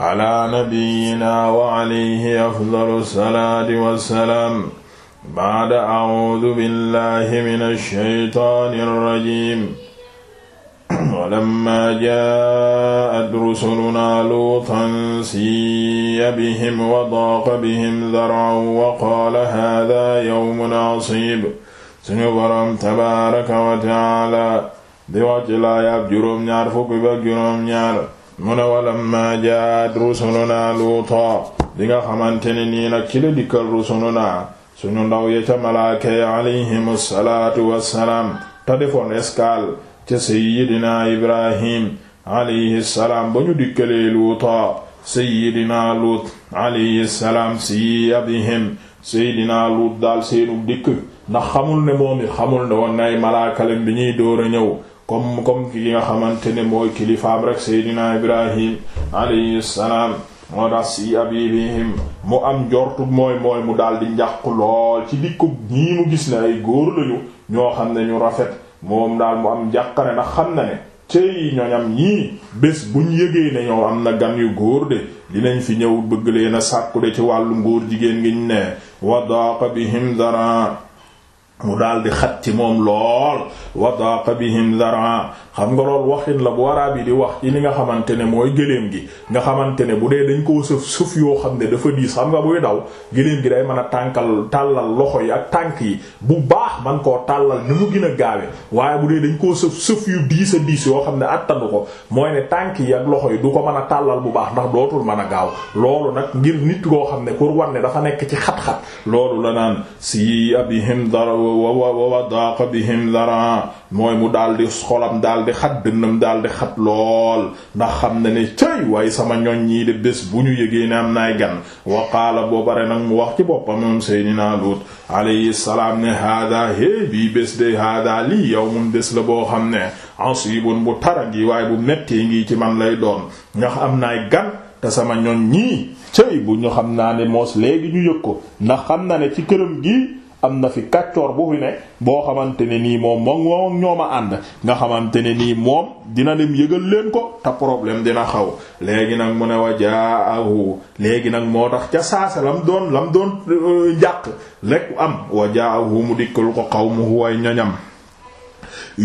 ala nabiyyina wa alayhi afdalu salaati wassalaam ba'da a'uudu billahi mina shaytaani rajiim walammaa jaa'at rusulunaa luutan si'a bihim wa daaqa bihim dar'an wa qaala haadhaa yawmun 'asiib suñu boroom tabaaraka wa ta'aala di wax ci laayaab juróom-ñaar fukki ba juróom-ñaar mu ne walamma jaat rusuluna luuta di nga xamante ne nii nag ci la dikkal rusuluna suñu ndaw ya ca malaaka ya alayhim salaatu wassalaam te defoon escale ca sayidina ibrahim alayhi salaam ba ñu dikkalee luuta sayidina luut alayhi salaam si abihim sayidina luut daal seenu dikk ndax xamul ne moom xamul ne woon nay malaakalam bi ñuy door a ñëw comme comme ki nga xamante ne mooy kilifaam rek seydina ibrahim alayhi salaam moo tax si abihim mu am njortu mooy mooy mu daal di njàq lool ci dikkub ñii mu gis ne ay góor lañu ñoo xam ne ñu rafet moom daal mu am njàqare ndax xam na ne cey ñoñam ñii bés buñ yëgee ne ñoo am na gan yu góor de dinañ fi ñëw bëgg leen a sàkku de ci wàllu ngóor jigéen ngiñ ne wa daqa bihim dara mu daal di xat ci moom lool wa daaqa bihim daraa xam nga loolu waxin la bu waraab bii di wax ci li nga xamante ne mooy gëléem gi nga xamante ne bu dee dañ koo sëf sëf yoo xam ne dafa diis xam nga buy daw gëléem gi day mën a tànkal tàllal loxo yi ak tànk yi bu baax man koo tàllal ni mu gën a gaawe waaye bu dee dañ koo sëf sëf yu diis a diis yoo xam ne attanu ko mooy ne tànk yi ak loxo yi du ko mën a tàllal bu baax ndax dootul mën a gaaw loolu nag ngir nit koo xam ne pour ne dafa nekk ci xat-xat loolu la naan si abihim dara wa wa wa daqa bihim dara mooy mu daal di xolam daal di xat dënnam daal di xat lool ndax xam na ne cëy waaye sama ñoñ ñii de bés bu ñu yëgee ne am naay gan waqaala boo bare nag mu wax ci boppam moom seydinaa Luut alayhi salaam ne hada hé bii bés de hada lii yawmun bés la boo xam ne asibun bu tara ngi waaye bu mettee ngi ci man lay doon ndax am naay gan te sama ñoñ ñii cëy bu ñu xam naa ne moos léegi ñu yëg ko ndax xam na ne ci këram gi am na fi kàccoor bu fi ne boo xamante ne nii moom moom moom ñoom a ànd nga xamante ne nii moom dina dem yëgal leen ko te problème dina xaw léegi nag mu ne wa jaahu léegi nag moo tax ca saasa lam doon lam doon euh, jàq lekk am wa jaahu mu dikkal ko xaw mu way ñoñam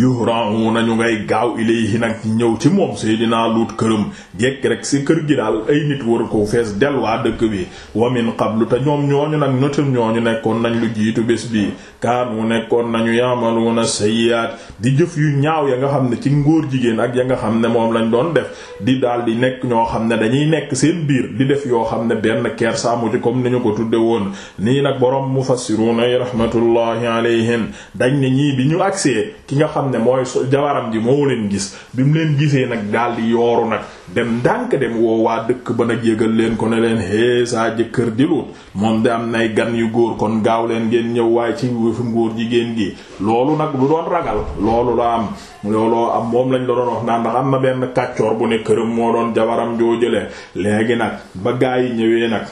yuhra'una nañu ngay gaaw ilayhi nag ñëw ci moom dinaa Luut këram jekk rek ci kër gi daal ay nit war ko fees delwaa dëkk bi wa min qablu te ñoom ñooñu nag ñotam ñooñu nekkoon nañ lu jiitu bés bi kaanu nekkoon nañu yaamaluuna sayyi'aat di jëf yu ñaaw ya nga xam ne ci ngóor jigéen ak ya nga xam ne moom lañ doon def di daal di nekk ñoo xam ne dañuy nekk seen biir di def yoo xam ne benn ker saamu ci comme ni ñu ko tudde woon nii nag boroom mufassiruuna yi rahmatullahi alayhim dañ ne ñii bi ñu agsee ki nga xam ne mooy jabaram ji moo leen gis bi mu leen gisee nag daal di yooru nag dem ndànk dem woo waa dëkk ba nag yëgal leen ko ne leen hee saa jëkkër di luut moom di am nay gan yu góor kon gaaw leen ngeen ñëw waaye ci fi ngóor jigéen gi loolu nag du doon ragal loolu la am looloo am moom lañ la doon wax ndax am na benn kàccoor bu ne këram moo doon jabaram joo jëlee léegi nag ba gaa yi ñëwee nag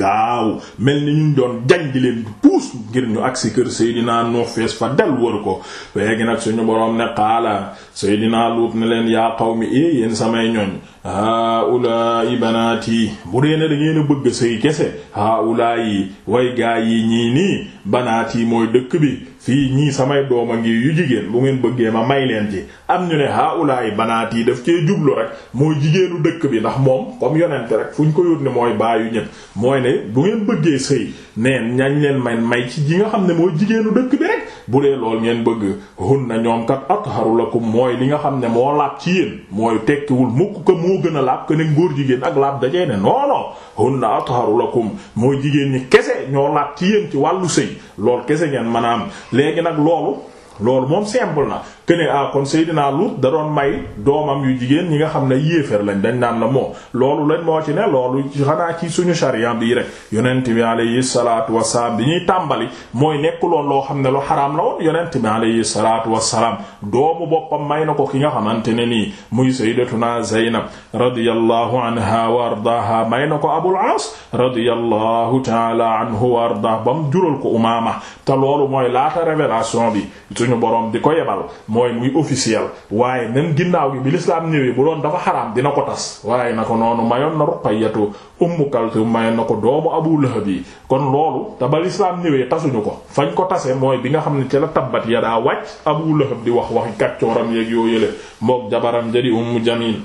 gaaw mel ni ñu doon jañ di leen puus ngir ñu agsi kër Seydina Nuux fees fa del wër ko léegi nag suñu boroom ne qaala Seydina Luut ne leen yaa mi e eh, yéen samay ñoñ haulai banaati bu dee ne da ngeen a bëgg sëy kese haulai way gaay yi ñii nii banaati mooy dëkk bi fii ñii samay doom a ngi yu jigéen bu ngeen bëggee ma may leen ci am ñu ne haulaay banaat yi daf cee jublu rek mooy jigéenu dëkk bi ndax moom comme yonente rek fu ñu ko yót mooy baayu ñëpp mooy ne bu ngeen bëggee sëy neen ñañ leen may may ci ji nga xam ne mooy jigéenu dëkk bi rek bu dee lool ngeen bëgg na ñoom kat atharu lakum mooy li nga xam ne moo laab ci yéen mooy tekkiwul mukk ko moo gën a laab ko ne góor jigéen ak laab dajee ne non non na atharu lakum mooy jigéen ñi kese ñoo laab ci yéen ci wàllu sëy lool kese ngeen manaam léegi nag loolu loolu moom simple na que ne ah kon Seydina Lut da doon may doomam yu jigéen ñi nga xam ne yéefar lañ dañ naan la moo loolu lañ moo ci ne loolu xanaa ci suñu charia bii rek yonent bi alayhi salaatu bi ñuy tàmbali mooy nekkuloon loo xam ne lu xaraam la woon yonent bi alayhi salaatu wasalaam doomu boppam may na ko ki nga xamante ne nii muy sayyidatuna Zaynab radiyallahu anha wa ardaaha may na ko Abul Aas radiyallahu ta'ala anhu wa ardaah bam jural ko Umaama te loolu mooy laata révélation bi suñu borom di ko yebal mooy muy officiel waaye même ginnaaw gi bi lislaam ñëwee bu doon dafa xaraam dina ko tas waaye na ko noonu mayoon na ruqayyatu ummu kaltum mayoon na ko doomu abu lahab yi kon loolu te ba lislaam ñëwee tasuñu ko fañ ko tase mooy bi nga xam ne ci la tabbat ya daa wàcc abu lahab di wax waxi kàccooram yeeg yoo yële mook jabaram jadi ummu jamil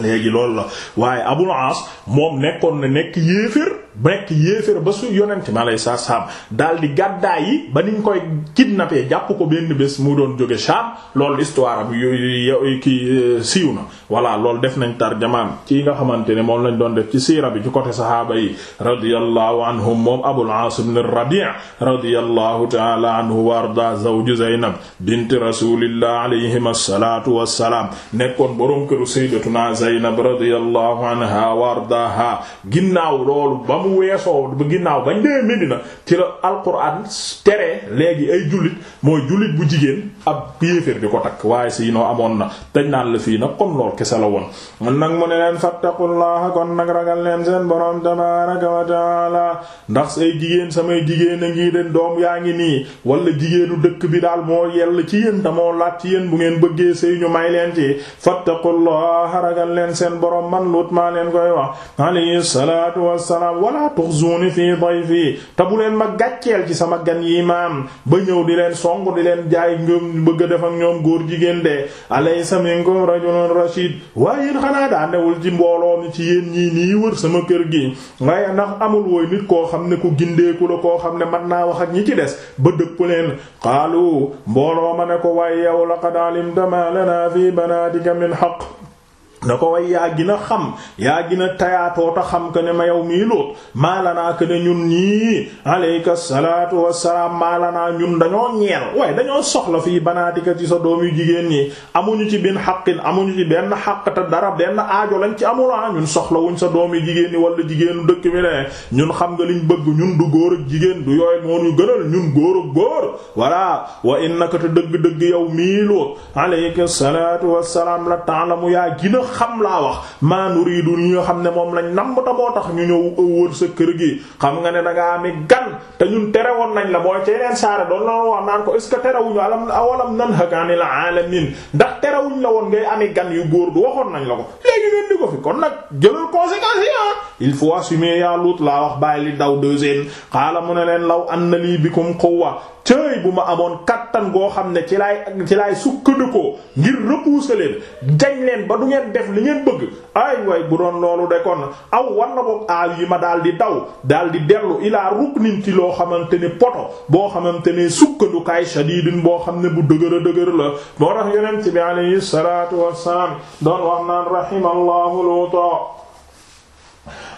léegi loolu la waaye abul aas moom nekkoon na nekk yéefér nekk yéeféer ba su yonent ma lay sa saam daal di gàddaa yi ba niñ koy kidnappé jàpp ko benn bés mu doon jóge Sham loolu histoire am yu ki euh, siiw na voilà loolu def nañ tarjamaam ci nga xamante ne moom lañ doon def ci siira bi ci côté sahaaba yi radiyallahu anhum moom Abul Aas ibn Rabi' radiyallahu ta'ala anhu wa arda zawju Zaynab bint rasulillah alayhim as-salatu wassalaam nekkoon boroom këru sayyidatuna Zaynab radiyallahu anha wa ardaha ginnaaw loolu mu weesoo ba ginnaaw bañ dee Medina ci la alquran tere léegi ay jullit mooy jullit bu jigéen ab yéeféer bi ko takk waaye si noo amoon na dañ naan la fii nag comme lool kese la woon mun nag mu ne leen fattaqullaha kon nag ragal leen seen borom tabaaraka wa taala ndax say jigéen samay jigéen a ngi de doom yaa ngi nii wala jigéenu dëkk bi daal moo yell ci yéen damoo laat ci yéen bu ngeen bëggee sëy ñu may leen ci fattaqullaha ragal leen seen borom man lut maa leen koy wax alayhi salaatu wassalaam wala tuxzuuni fii dayfi te bu leen ma gàcceel ci sama gan yi maam ba ñëw di leen song di leen jaay ñu bëgg a def ak ñoom góor jigéen de alaysa minkum rajulun rashid waaye yéen xanaa daa ci mbooloo mi ci yéen ñii nii wër sama kër gi waaye ndax amul woy nit koo xam ne ku gindeeku la koo xam ne mën naa wax ak ñi ci des ba dëpp leen xaalu mbooloo ma ne ko waaye yow laqad alimta ma lana fi banatika min haqq na ko way yaa gën a xam yaa gën a tayaatoota xam que ne ma yow mii lóot maalanaa que ne ñun ñii alayka salaatu wassalaam naa ñun dañoo ñeel waaye dañoo soxla fii banaatika ci sa doom yu jigéen ñi amuñu ci benn xaqin amuñu ci benn xaq te dara benn aajo lañ ci amula ah, ñun soxla wuñ sa doom yu jigéen ñi wala jigéenu dëkk mi ne ñun xam nga liñ bëgg ñun du góor ak jigéen du yooyu moonu gënal ñun góor ak góor voilà wa innaka te dëgg-dëgg yow mii lóot alayka salaatu wassalaam la ta'lamu xam laa wax maa nuriidu yi nga xam ne moom lañ namm ta moo tax ñu ñëw wër sa kër gi xam nga ne da ngaa ami gan te ñun tere woon nañ la booy ci yeneen saare doon la wax naan ko est ce que terewuñu alam awalam nanhaka anil alamin ndax terewuñ la woon ngay ami gan yu góor du waxoon nañ la ko léegi ngeen di ko fi kon nag jëlal conséquence yi ah il faut assumer yaa luut laa wax bàyyi li daw deuxième xaala mu ne leen law an na lii bikum quwwa cëy bu ma amoon kattan goo xam ne ci laay ci laay sukkandikoo ngir repousser leen jañ leen ba du ngeen def li ngeen bëgg ay way bu doon loolu de kon aw war na boog aaw yi ma daal di daw daal di dellu ilaa ruknin ci loo xamante ne poto boo xamante ne sukkandukaay shadidin boo xam ne bu dëgër a dëgër la moo tax yonent bi alayhi salaatu wassalaam doon wax naan rahimallahu luuta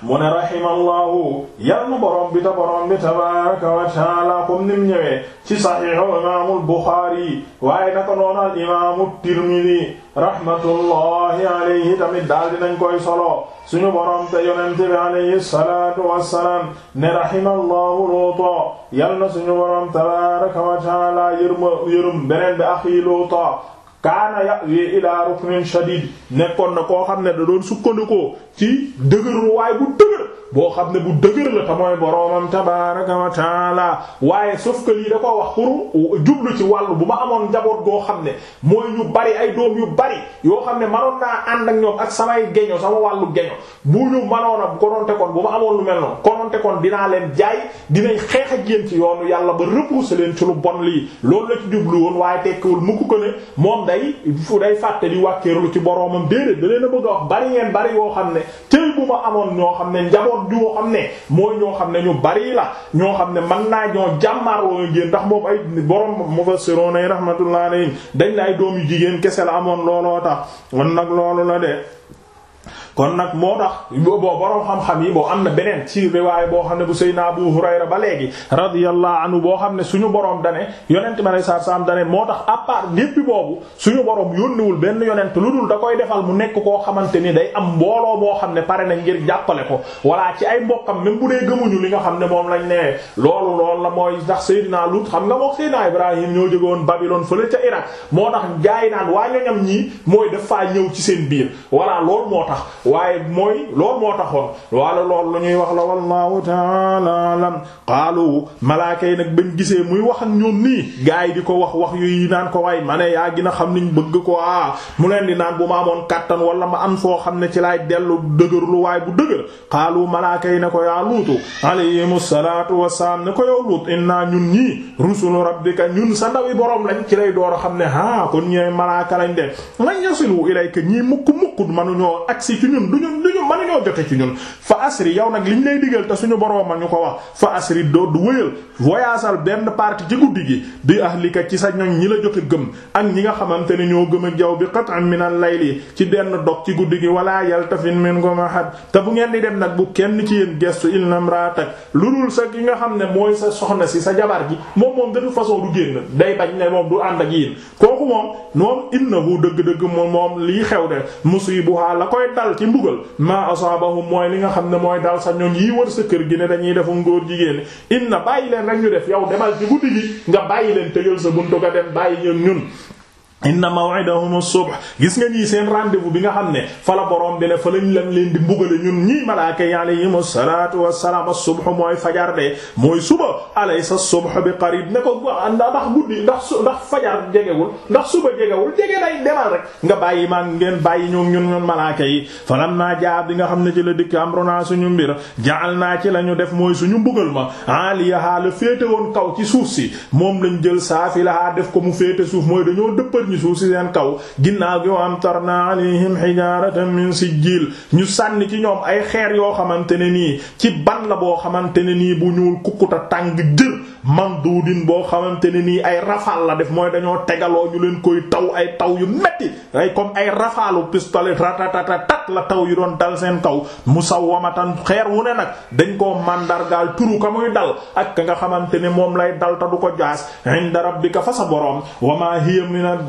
mu ne rahimaallahu yal na borom bi ta borom bi wa taala comme nim ñëwee ci saxiixu imaamul Buxaari waaye naka noonu al imaamu Tirmidi rahmatullahi alayhi tamit daal dinañ koy solo suñu borom te yonente bi alayhi salaatu wassalaam ne rahimaallahu Luuta yal wa taala yërëm beneen bi axi Luuta kaana ya'wi ila ruknin shadid nekkoon na koo xam ne da doon sukkandikoo ci dëgër waay bu dëgër boo xam ne bu dëgër la te mooy boroomam tabaaraka wa taala waaye sauf que lii da ko wax pour jublu ci wàllu bu ma amoon njaboot goo xam ne mooy ñu bari ay doom yu bari yoo xam ne manoon naa ànd ak ñoom ak samay geño sama wàllu geño bu ñu manoon a kononte kon bu ma amoon lu mel noonu kononte kon dinaa leen jaay dinañ xeex ak ci yoonu yàlla ba repousser leen ci lu bon lii loolu la ci woon waaye tekkiwul mukk ko ne moom day fu day fàtte di lu ci boroomam déedéet da leen a bëgg a wax bari ngeen bari yoo xam ne tey bu ma amoon ñoo xam ne njaboot njaboot ñoo xam ne mooy ñoo xam ne ñu bari la ñoo xam ne mën naa ñoo jàmmaarloo nga génn ndax moom ay borom mufassiroon ay rahmatullahi alayhim dañ la ay doom yu jigéen kese la amoon looloo tax wan nag loolu la de kon nag moo tax boo borom xam-xam yi boo am na beneen ci waaye boo xam ne bu Seydina Abu Hurayra ba léegi radiyallahu anhu boo xam ne suñu borom dane yonent ma lay saa saam dane moo tax à part léppi boobu suñu borom yónniwul benn yonent lu dul da koy defal mu nekk koo xamante ni day am mbooloo boo xam ne pare na ngir jàppale ko walaa ci ay mbokkam même bu dee gëmuñu li nga xam ne moom lañ nee loolu loolu la mooy ndax Seydina Lut xam nga mook Seydina Ibrahim ñoo jóge woon Babylone fële ca Irak moo tax gaay naan waa ñoñam ñii mooy dafa ñëw ci seen biir walla loolu moo tax waaye mooy loolu moo taxoon wala lool lu ñuy wax la wallahu taala alam qaalu malaaka yi nag bañ gisee muy wax ak ñoom nii gars yi di ko wax wax yu naan ko waay ma ne yaa gina xam niñ bëgg ko ah mu leen di naan ma amoon kattan wala ma am foo xam ne ci laay dellu dëgërlu waaye bu dëgër qaalu malaaka yi ne ko yaa luutu alayhimu salaatu wassalaam ne ko yow luut ñun ñii rusulu rabbika ñun sa ndawi borom lañ ci lay door a xam ne ah kon ñooy malaaka lañ de lañ yasilu ilayka ñii mukk mukk manuñoo agsi ci ñun du ñun ñoo jote ci ñun fa asri yow nag liñ lay digal te suñu borom a ñu ko wax fa asri doo du wëyal voyaasal benn partie ci guddi gi di ahlika ci sa ñoñ ñi la jot gëm ak ñi nga xamante ne ñoo gëm ak jaww bi qat'an min al-layli ci benn dog ci guddi gi wala yaltafin minkum ahad te bu ngeen di dem nag bu kenn ci yéen gestu illa imraatak lu dul sa ki nga xam ne mooy sa soxna si sa jabar ji moom moom de toute façon du génn day bañ ne moom du ànd ak yéen kooku moom moom innahu dëgg-dëgg moom moom lii xew de musibuha asaabahum mooy li nga xam ne mooy dal sa ñoñ yi war sa kër gi ne dañuy defu góor jigéen na bàyyi leen rek ñu def yow demal ci guddi gi nga bàyyi leen tëjal sa buntu ko dem bàyyi ñun ñun inna maw'idahum as-subh gis nga ñii seen rendez bi nga xam ne fa la borom bi ne fa lañ lam leen di mbugale ñun ñii malaaka yi alayhim asalatu wasalaam as-subh mooy fajar de mooy suba alaysa as-subh bi qarib ne ko ah, ndax guddi ndax su ndax jegewul ndax suba jegewul jege day demal rek nga bàyyi maan ngeen bàyyi ñoo ñun ñun malaaka yi falamma jaa bi nga xam ne ci la dikk am amruna suñu mbir jaal naa ci la ñu def mooy suñu mbugal ma aliyaha la féete woon kaw ci suuf si moom lañ jël saafilaha def ko mu féete suuf mooy dañoo ci suuf si seen kaw ginnaaw gi wa amtarna alayhim hijaratan min sijil ñu sànni ci ñoom ay xeer yoo xamante ne nii ci ban la boo xamante ne nii bu ñuul kukkuta tàng jër mandudin boo xamante ne nii ay rafal la def mooy dañoo tegaloo ñu leen koy taw ay taw yu metti ay comme ay rafalu pistolet ratatatatat la taw yu doon dal seen kaw mu musawwamatan xeer wu ne nag dañ koo màndargaal turu ka muy dal ak ka nga xamante ne moom lay dal ta du ko jaas inda rabbika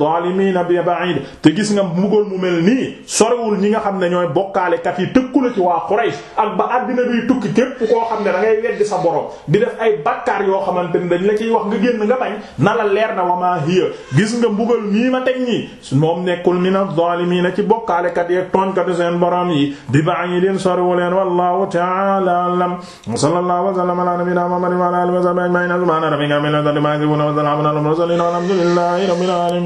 zaalimiina bi ba'iid te gis nga mbugal mu mel nii sorewul ñi nga xam ne ñooy bokkaalekat yi tëkku la ci waa Quraysh ak ba àddina duy tukki képp koo xam ne da ngay weddi sa borom di def ay bakkaar yoo xamante ni dañ la ciy wax nga génn nga bañ na la leer na wamaa hiya gis nga mbugal mii ma teg ñii moom nekkul mina zaalimiina ci bokkaalekat yi ak tooñkatu seen borom yi bi ba'iidin sorewuleen wallahu ta'ala a'lam sallallahu wa sallama ala nabiyyina muhammadin wa ala alihi wa sahbihi ajma'in subhana rabbika rabbil izzati amma yasifun wa salamun ala al mursalin walhamdulillahi rabbil alamin